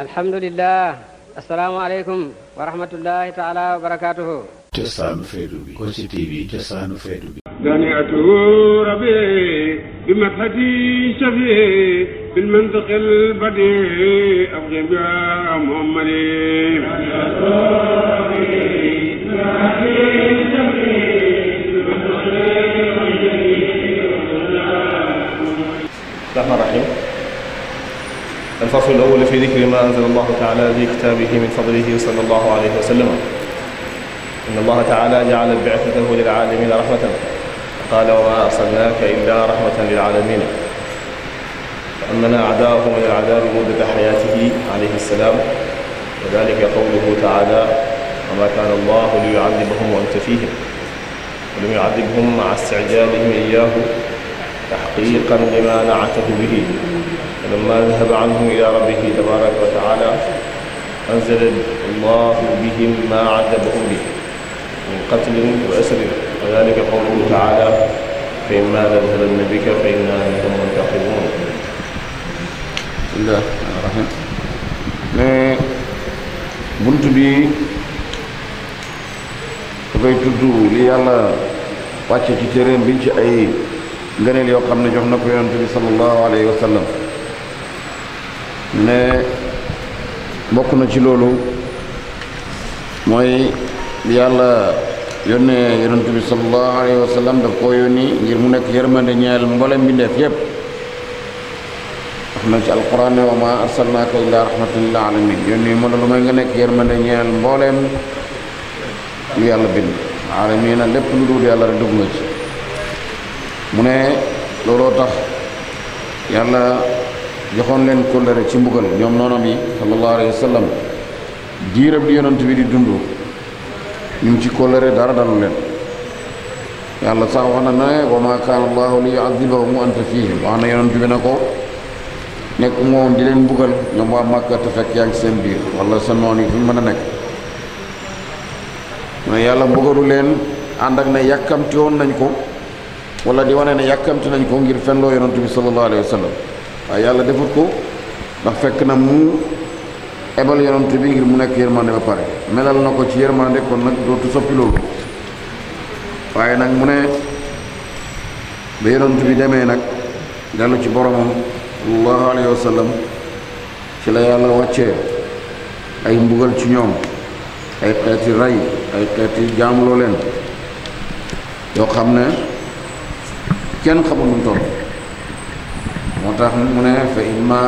الحمد لله السلام عليكم ورحمة الله تعالى وبركاته جسان فيدوبي كوشي تي في جسان فيدوبي دنيت ربي بمدحتي شفي في المنطق البديع أبغي يا محمد دنيت ربي الرحمن الرحيم الفصل الأول في ذكر ما أنزل الله تعالى في كتابه من فضله صلى الله عليه وسلم إن الله تعالى جعل بعثته للعالمين رحمة قال وما أرسلناك إلا رحمة للعالمين وأمنا أعداؤه من العذاب مدة حياته عليه السلام وذلك قوله تعالى وما كان الله ليعذبهم وأنت فيهم ولم يعذبهم مع استعجالهم إياه تحقيقا لما نعته به فلما ذهب عنه إلى ربه تبارك وتعالى أنزل الله بهم ما عذبهم به من قتل وأسر وذلك قوله تعالى فإما نذهبن بك فإنا منهم منتقمون بسم الله الرحمن الرحيم بنت بي dafay tudd li yàlla wàcce ci téeréem bi ci ay ngëneel yoo xam ne jox na ko yonent bi sallallahu alayhi wa sallam ne bokk na ci loolu mooy yàlla yónnee yonent bi sallallahu alayhi wa sallam daf koo yónni ngir mu nekk yërmande ñeel mboolem mbindeef yépp wax na ci alquran ne wa ma arsalnaaka illa rahmatan lil alamin yónni mu ne lu may nga nekk yërmande ñeel mbooleem lu yàlla bind alamina lépp lu dul yàlla rek dugg nga ci mu ne looloo tax yàlla joxoon leen kóllëre ci mbugal ñoom noonam yi sallallahu alayhi wa sallam diirab di yonent bi di dund ñu ngi ci kóllëre dara dalu leen yàlla sax wax na ne wa ma kaana allahu li yu'adhibahum wa anta fihim wax na yonent bi na ko nekk moom di leen mbugal ñoom waa Màkka te fekk yaa ngi seen biir wala sa noon yi fu mën a nekk mu ne yàlla mbugalu leen ànd ak ne yàkkamti woon nañ ko wala di wane ne yàkkamti nañ ko ngir fenloo yonantu bi sallallahu alayhi wa sallam waaye yàlla defut ko ndax fekk na mu ebal yonantu bi ngir mu nekk yërmande ba pare melal na ko ci yërmande kon nag dootu soppi loolu waaye nag mu ne ba yonantu bi demee nag dellu ci boromam sallallahu alayhi ci la yàlla wàccee ay mbugal ci ñoom ay xeeti rey ay xeeti jaamuloo leen yoo xam ne كان خبر من طرف وتح من فإما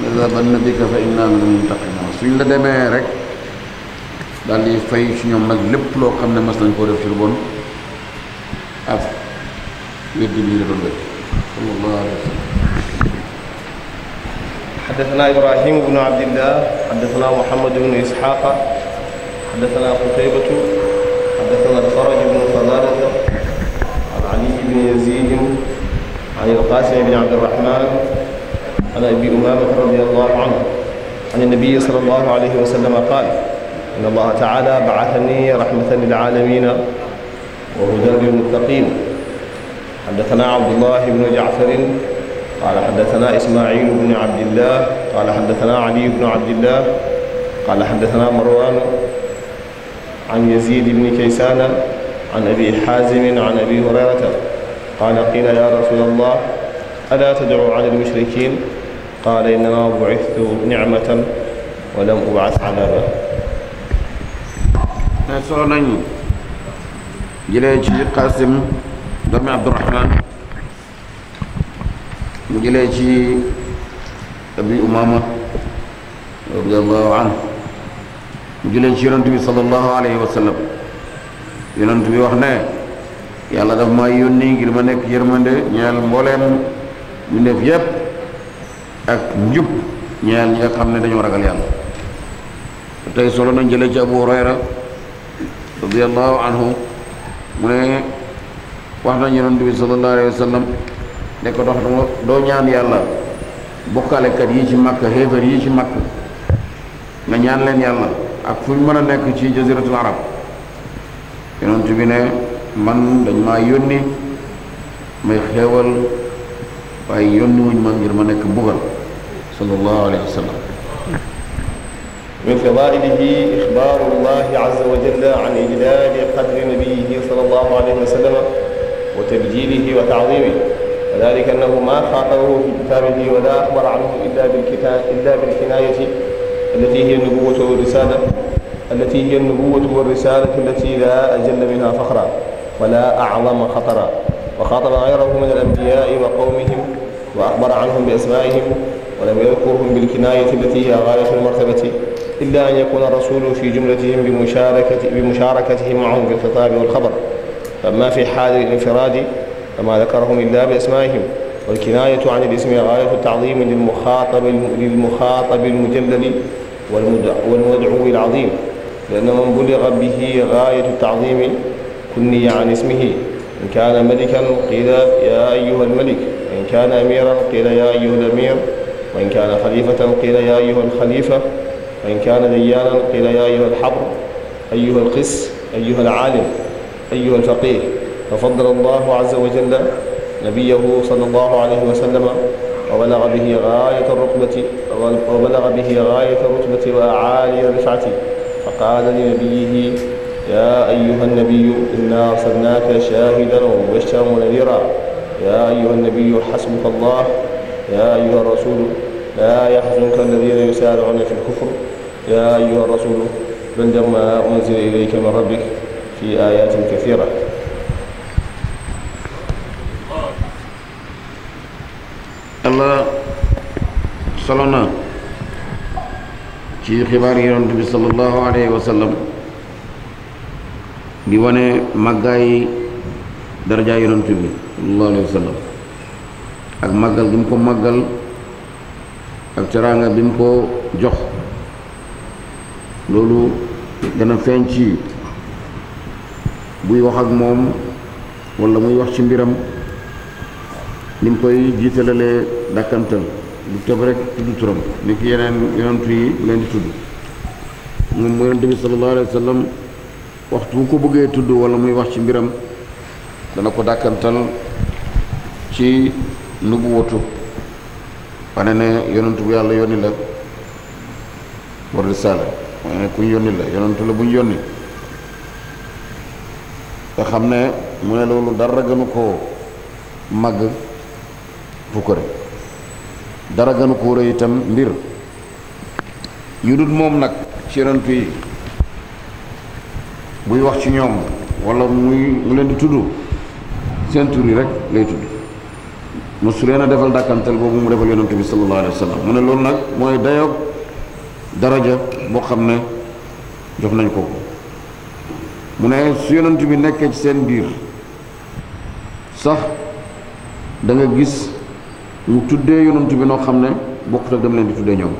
نذبن بك فإنا من المنتقم سن لا دمي رك دال لي فاي سي نيوم نك لب لو خامنا ما سن كو ديف سي بون اف ويد بي لي دون صلى الله عليه وسلم حدثنا ابراهيم بن عبد الله حدثنا محمد بن اسحاق حدثنا قتيبه عن القاسم بن عبد الرحمن عن أبي أمامة رضي الله عنه عن النبي صلى الله عليه وسلم قال إن الله تعالى بعثني رحمة للعالمين وهدى للمتقين حدثنا عبد الله بن جعفر قال حدثنا إسماعيل بن عبد الله قال حدثنا علي بن عبد الله قال حدثنا مروان عن يزيد بن كيسان عن أبي حازم عن أبي هريرة قال قيل يا رسول الله ألا تدعو على المشركين قال إنما بعثت نعمة ولم أبعث عذابا سؤالين جليج قاسم دم عبد الرحمن جليج أبي أمامة رضي الله عنه جليج ينتبه صلى الله عليه وسلم ينتبه وحنه yàlla daf ma yónni ngir ma nekk yërmande ñeel mbooleem ñu def yépp ak njub ñeel ñi nga xam ne dañoo ragal yàlla tey solo nañ jëlee ci Abu Hurayra anhu mu ne wax nañ yonent bi sallallahu alayhi wa ne ko dox doo ñaan yàlla bokkaalekat yi ci màkk xéefar yi ci màkk nga ñaan leen yàlla ak fu ñu mën ci jaziratul arab yonent bi ne man dañ ma yoni may xewal way yoni wuñ ma ngir ma nek mbugal sallallahu alaihi wasallam من فضائله إخبار الله عز وجل عن إجلال قدر نبيه صلى الله عليه وسلم وتبجيله وتعظيمه وذلك أنه ما خاطبه في كتابه ولا أخبر عنه إلا بالكتاب إلا بالكناية التي هي النبوة والرسالة التي هي النبوة والرسالة التي لا أجل منها فخرا ولا أعظم خطرا وخاطب غيره من الأنبياء وقومهم وأخبر عنهم بأسمائهم ولم يذكرهم بالكناية التي هي غاية المرتبة إلا أن يكون الرسول في جملتهم بمشاركة بمشاركته معهم في الخطاب والخبر فما في حال الانفراد فما ذكرهم إلا بأسمائهم والكناية عن الاسم غاية التعظيم للمخاطب للمخاطب المجلل والمدعو العظيم لأن من بلغ به غاية التعظيم كني عن اسمه إن كان ملكا قيل يا أيها الملك وإن كان أميرا قيل يا أيها الأمير وإن كان خليفة قيل يا أيها الخليفة وإن كان ديانا قيل يا أيها الحبر أيها القس أيها العالم أيها الفقيه ففضل الله عز وجل نبيه صلى الله عليه وسلم وبلغ به غاية الرتبة وبلغ به غاية الرتبة وأعالي رفعته فقال لنبيه يا أيها النبي إنا أرسلناك شاهدا ومبشرا ونذيرا يا أيها النبي حسبك الله يا أيها الرسول لا يحزنك الذين يسارعون في الكفر يا أيها الرسول بلغ ما أنزل إليك من ربك في آيات كثيرة الله صلى الله عليه وسلم yi yonent bi الله alayhi wa di wane màggaay daraja yonent bi sallallahu alayhi wa ak màggal gi mu ko màggal ak teraanga bi mu ko jox loolu dana feeñ ci buy wax ak moom walla muy wax ci mbiram ni mu koy jiitalalee dàkkantal du tëb rek tudd turam ni ki yeneen yonent yi leen di tudd moom mu yonent bi sallallahu alayhi waxtu bu ko bëggee tudd walla muy wax ci mbiram dana ko dàkkantal ci nubuwatu wane ne yonentu bu yàlla yónni la war risaala wane ne kuñ yónni la yonentu la buñ yónni nga xam ne mu ne loolu dara gënu ko màgg pukkare dara gënu koo rëy itam mbir yu dut moom nag ci yonentu yi buy wax ci ñoom wala muy mu leen di tudd seen tur yi rek lay tudd mosu leen a defal dàkkantal boobu mu defal yonante bi sallallahu alayhi wa mu ne loolu nag mooy dayoog daraja boo xam ne jox nañ ko mu ne su yonant bi nekkee ci seen biir sax da nga gis mu tuddee yonant bi noo xam ne bokkut ak dem leen di tuddee ñoom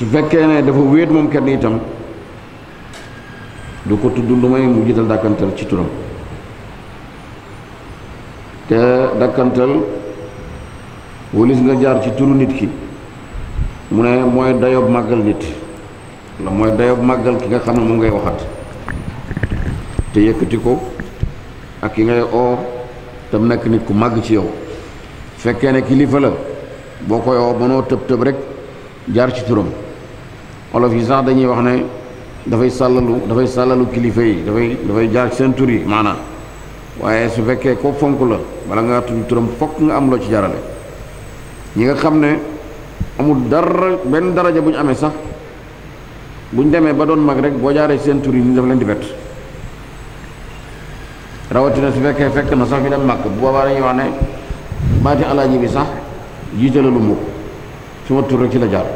su fekkee ne dafa wéet moom kenn itam du ko tudd lu may mu jiital dàkkantal ci turam te dàkkantal wëlis nga jaar ci turu nit ki mu ne mooy dayob màggal nit la mooy dayob màggal ki nga xam ne moom ngay waxat te yëkkati ko ak ki ngay oo tam nekk nit ku màgg ci yow fekkee ne kilifa la boo koy oo mënoo tëb tëb rek jaar ci turam olof yi sax dañuy wax ne dafay sàllalu dafay sàllalu kilifa yi dafay dafay jaar seen tur yi maanaam waaye su fekkee ko fonk la bala ngaa tudd turam fokk nga am loo ci jarale ñi nga xam ne amul dara benn daraja bu ñu amee sax bu ñu demee ba doon mag rek boo jaaree seen tur yi ni daf leen di bett rawatina su fekkee fekk na sax fi dem màkk bu boobaa dañuy wax ne baati alaaji bi sax jiitalalu ma ko su ma tur rek ci la jaar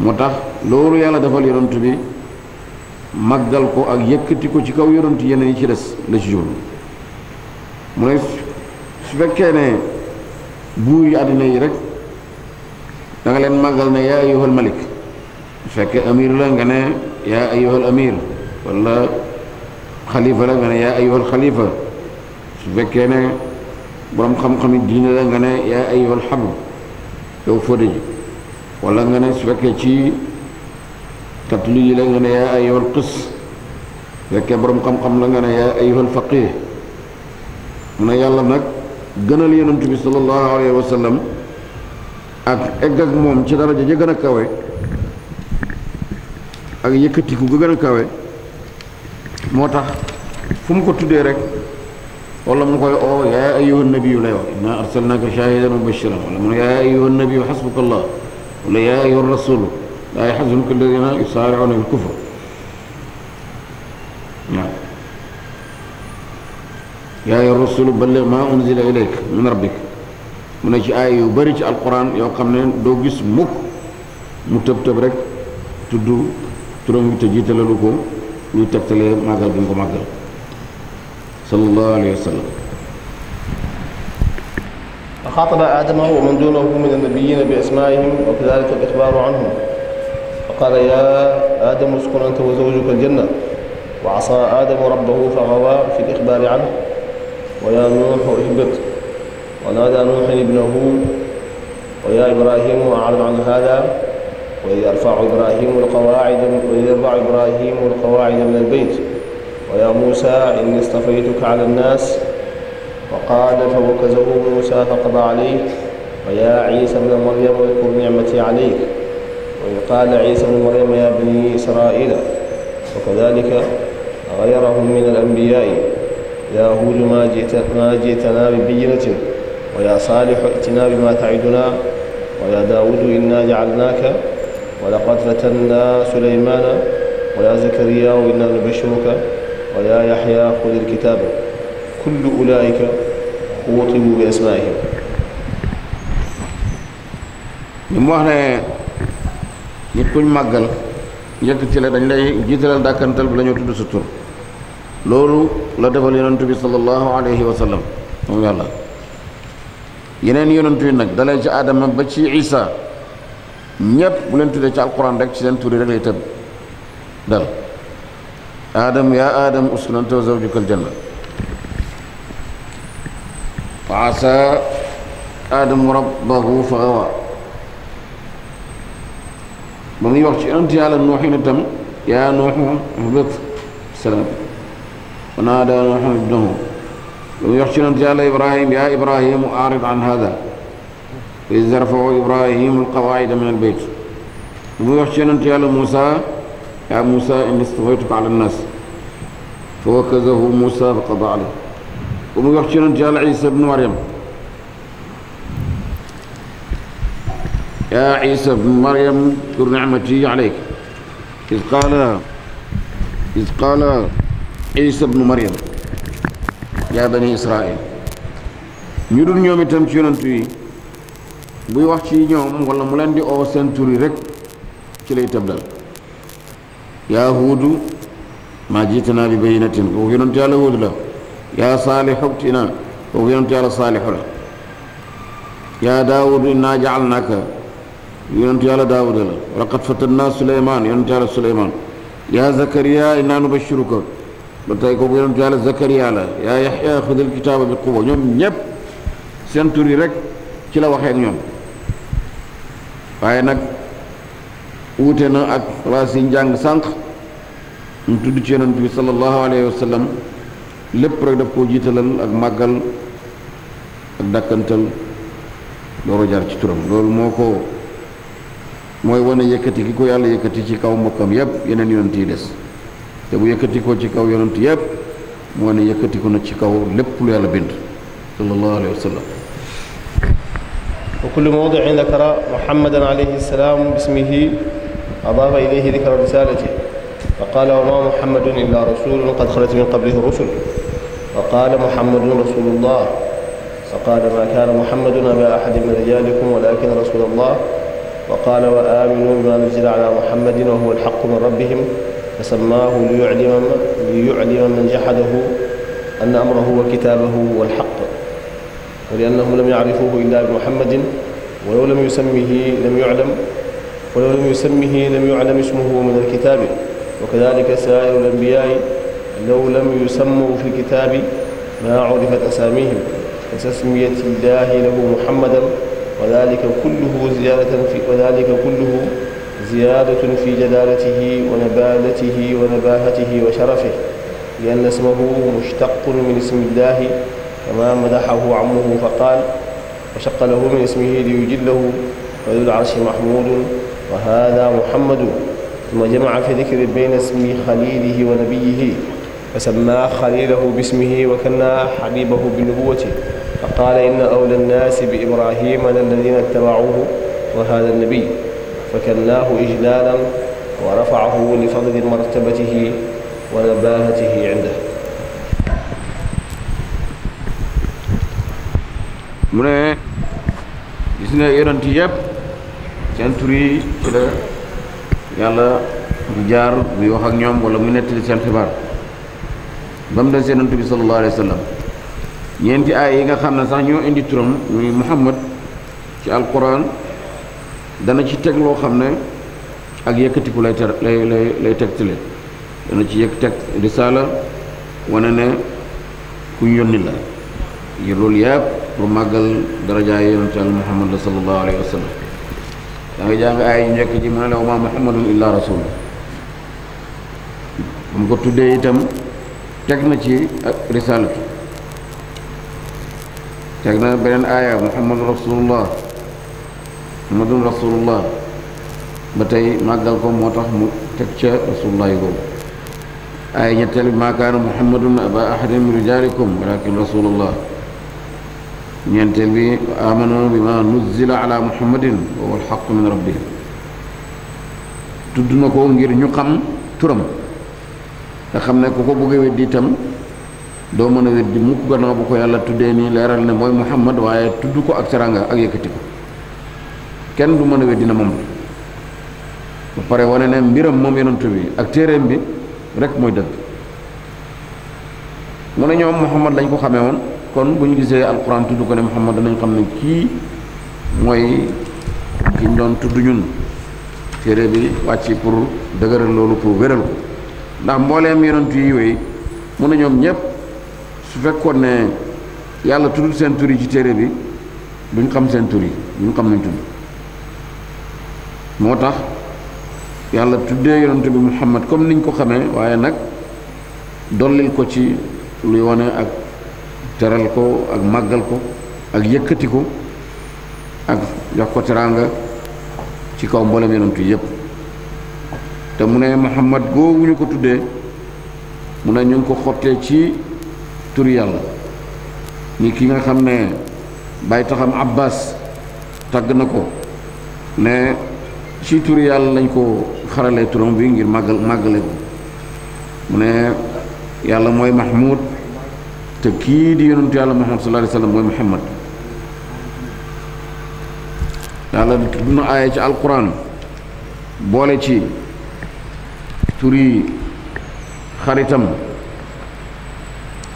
moo tax loolu yàlla defal yonent bi màggal ko ak yëkkati ko ci kaw yonent yeneen yi ci des la ci jublu mu ne su fekkee ne buur yi àddina yi rek danga leen màggal ne yaa ayyuhal malik su fekkee amir la nga ne yaa ayyuhal amir wala xalifa la nga ne yaa ayyuhal xalifa su fekkee ne boroom xam-xami diine la nga ne yaa ayyuhal xabru yow fóote wala nga ne su fekkee ci catholique yi la nga ne yaa ayyuhal qis fekkee borom xam-xam la nga ne ay ayyuhal faqih mu ne yàlla nag gënal yonent bi sallallahu alayhi wa sallam ak egg ak moom ci daraja ja gën a kawe ak yëkkatiku ga gën a kawe moo tax fu mu ko tuddee rek wala mu koy oo yaa ayyuhan nabiyyu lay wax inna arsalnaka shahidan wa bashiran wala mu ne yaa ayyuhan nabiyyu hasbukallah قل يا أيها الرسول لا يحزنك الذين يصارعون بالكفر نعم يا أيها الرسول بلغ ما أنزل إليك من ربك من أجل آية يبرج القرآن يوقعنا دوغيس مك متبتب رك تدو ترمي تجيتل لكم يتكتل ماغل بنكم ماغل صلى الله عليه وسلم خاطب آدم ومن دونه من النبيين بأسمائهم وكذلك الإخبار عنهم فقال يا آدم اسكن أنت وزوجك الجنة وعصى آدم ربه فغوى في الإخبار عنه ويا نوح اهبط ونادى نوح ابنه ويا إبراهيم أعرض عن هذا وإذ يرفع إبراهيم القواعد وإذ يرفع إبراهيم القواعد من البيت ويا موسى إني اصطفيتك على الناس وقال فوكزه موسى فقضى عليه ويا عيسى ابن مريم اذكر نعمتي عليك ويقال عيسى ابن مريم يا بني إسرائيل وكذلك غيرهم من الأنبياء يا هود ما, جئت جئتنا ببينة ويا صالح ائتنا بما تعدنا ويا داود إنا جعلناك ولقد فتنا سليمان ويا زكريا إنا نبشرك ويا يحيى خذ الكتاب كل أولئك wutimu bi asmaihim li mu wax ne nit kuñ màggal yëkkati la dañ lay jiitalal dàkkantal bi la ñu tudd sa tur loolu la defal yonent bi sallallahu alayhi wa sallam moom yàlla yeneen yonent yi nag dalee ci aadama ba ci isa ñépp bu leen tuddee ci alquran rek ci seen tur yi rek lay tëb dal aadam yaa aadam uskun anta zawjukal janna فعسى آدم ربه فغوى بني وقت أنت على نوح نتم يا نوح اهبط السلام ونادى نوح ابنه بني وقت أنت على إبراهيم يا إبراهيم أعرض عن هذا إذ رفعوا إبراهيم القواعد من البيت بني وقت أنت على موسى يا موسى إني استويتك على الناس فوكزه موسى فقضى عليه ومو wax jiran jaal ciise ibn maryam يا عيسى ابن مريم اذكر نعمتي عليك إذ قال إذ قال عيسى ابن مريم يا بني إسرائيل ñu dul ñoom itam ci yonantu yi buy wax ci ñoom wala mu leen di oo seen tur yi rek ci lay tëb dal yaa huudu maa jiitanaa bi bayinatin kooku yonantu yàlla huudu la يا صالح ابتنا وقيمت يا صالح يا داود إنا جعلناك يونت يا داود ولقد فتنا سليمان يونت يا سليمان يا زكريا إنا نبشرك بتايكو يونت يا زكريا يا يحيى خذ الكتاب بقوة يوم يب سنتوري رك كلا وخيك يوم waaye nag wuute na ak place yi njàng sànq mu tudd ci yonent bi sallallahu alayhi wa sallam lépp rek daf koo jiitalal ak màggal ak dàkkantal loolu jaar ci turam loolu moo ko mooy wane yëkkati ki ko yàlla yëkkati ci kaw mbokkam yépp yeneen yonent yi des te bu yëkkati ko ci kaw yonent yépp moo ne yëkkati ko na ci kaw lépp lu yàlla bind sallallahu alayhi wa sallam وكل موضع ذكر محمدا عليه السلام باسمه أضاف إليه ذكر رسالته فقال وما محمد إلا رسول قد خلت من قبله الرسل وقال محمد رسول الله فقال ما كان محمد أبا أحد من رجالكم ولكن رسول الله وقال وآمنوا بما نزل على محمد وهو الحق من ربهم فسماه ليعلم ليعلم من جحده أن أمره وكتابه هو الحق ولأنهم لم يعرفوه إلا بمحمد ولو لم يسمه لم يعلم ولو لم يسمه لم يعلم اسمه من الكتاب وكذلك سائر الأنبياء لو لم يسموا في الكتاب ما عرفت أساميهم وتسمية الله له محمدا وذلك كله زيادة في وذلك كله زيادة في جلالته ونبالته ونباهته وشرفه لأن اسمه مشتق من اسم الله كما مدحه عمه فقال وشق له من اسمه ليجله وذو العرش محمود وهذا محمد ثم جمع في ذكر بين اسم خليله ونبيه فسمى خليله باسمه وكنى حبيبه بنبوته فقال إن أولى الناس بإبراهيم الذين اتبعوه وهذا النبي فكناه إجلالا ورفعه لفضل مرتبته ونباهته عنده من ne إيران تجاب yonent yëpp seen tur yi ci la yàlla bu jaar muy بمن سيد النبي صلى الله عليه وسلم ينتي آية خامنة سانيو عند ترم محمد في القرآن دنا تيجي لو خامنة أجيء كتير لا تر لا لا لا تكتل دنا تيجي تك رسالة وننا كيوني لا يرول ياب رمغل درجة ينتقل محمد صلى الله عليه وسلم Jangan jangan ayat yang kita jemalah Muhammadul Ilah Rasul. Mungkin tu dia itu. تجنجي رسالتي تجنى بين آية محمد رسول الله محمد رسول الله باتي مغالكو موتاخ تكتش رسول الله يقول آية يتل ما كان محمد أبا أحد من رجالكم ولكن رسول الله ينتل بي آمنوا بما نزل على محمد وهو الحق من ربهم تدنكو غير نقم ترم nga xam ne ku ko bëgg a di itam doo mën a weddi mukk gannaaw bu ko yàlla tuddee nii leeral ne mooy Muhammad waaye tudd ko ak saranga ak yëkkati ko kenn du mën a weddi na moom bu pare wone ne mbiram moom yonent bi ak téereem bi rek mooy dëgg mu ne ñoom Muhammad lañ ko xamee woon kon bu ñu gisee alquran tudd ko ne Muhammad danañ xam ne kii mooy ki ñu doon tudd ñun téere bi wàcc pour dëgëral loolu pour wéral ko ndax mbooleem yonent yi wéy mun na ñoom ñëpp su fekkoon ne yàlla tudd seen tur ci téere bi duñ xam seen tur yi duñ xam nañ tudd moo tax yàlla tuddee yonent bi muhammad comme niñ ko xame waaye nag dollil ko ci luy wane ak teral ko ak màggal ko ak yëkkati ko ak jox ko teraanga ci kaw mboolem yonent yi yëpp te mu ne Muhammad googu ñu ko tuddee mu ne ñu ngi ko xottee ci tur yàlla ni ki nga xam ne bay taxam Abbas tàgg na ko ne ci tur yàlla lañ ko xarale turam bi ngir màggal màggale ko mu ne yàlla mooy Mahmoud te kii di yonentu yàlla Muhammad sallallahu alayhi wa sallam mooy Muhammad yàlla duna aaya ci alquran boole ci turi xaritam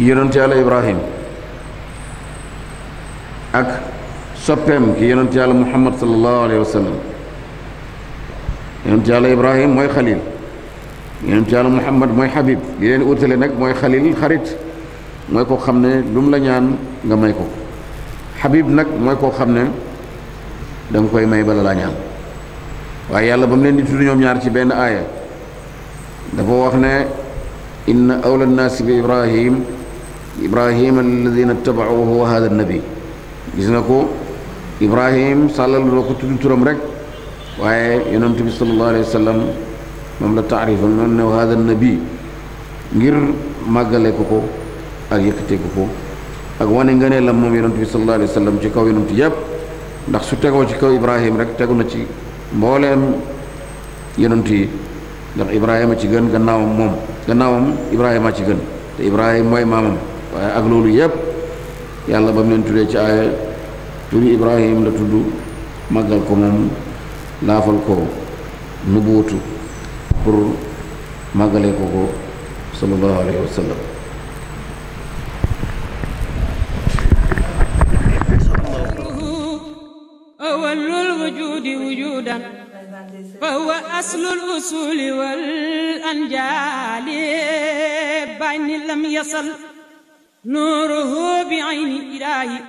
yonent yàlla ibrahim ak soppeem ki yonent yàlla muhammad sallallahu alayhi wa sallam yonent yàlla ibrahim mooy xalil yonent yàlla muhammad mooy habib yi leen utale nag mooy xalil xarit mooy koo xam ne lu mu la ñaan nga may ko habib nag mooy koo xam ne da koy may bala laa ñaan waaye yàlla ba mu leen di tudd ñoom ñaar ci benn aaya dafa wax ne inna awla nnaasi bi ibrahim ibrahima alladina tabauhu wa hada nabi gis nga ko ibrahim sàllal na ko tudd turam rek waaye yonent bi salallahu alayhi wa sallam moom la taarifal noonu ne wa hada nabi ngir màggale ko ko ak yëkkatee ko ko ak wane nga ne la moom yonent bi salallahu alayhi wa sallam ci kaw yonent yëpp ndax su tegoo ci kaw ibrahim rek tegu na ci mbooleem yonent yi ndax ibrahima ci gën gannaawam moom gannaawam ibrahima ci gën te ibrahima mooy maamam waaye ak loolu yépp yàlla ba mu leen tuddee ci aaya turi ibrahim la tudd màggal ko moom laafal ko nubuutu pour màggalee ko ko sallallahu alayhi wa أصل الأصول والأنجال بين لم يصل نوره بعين إلهي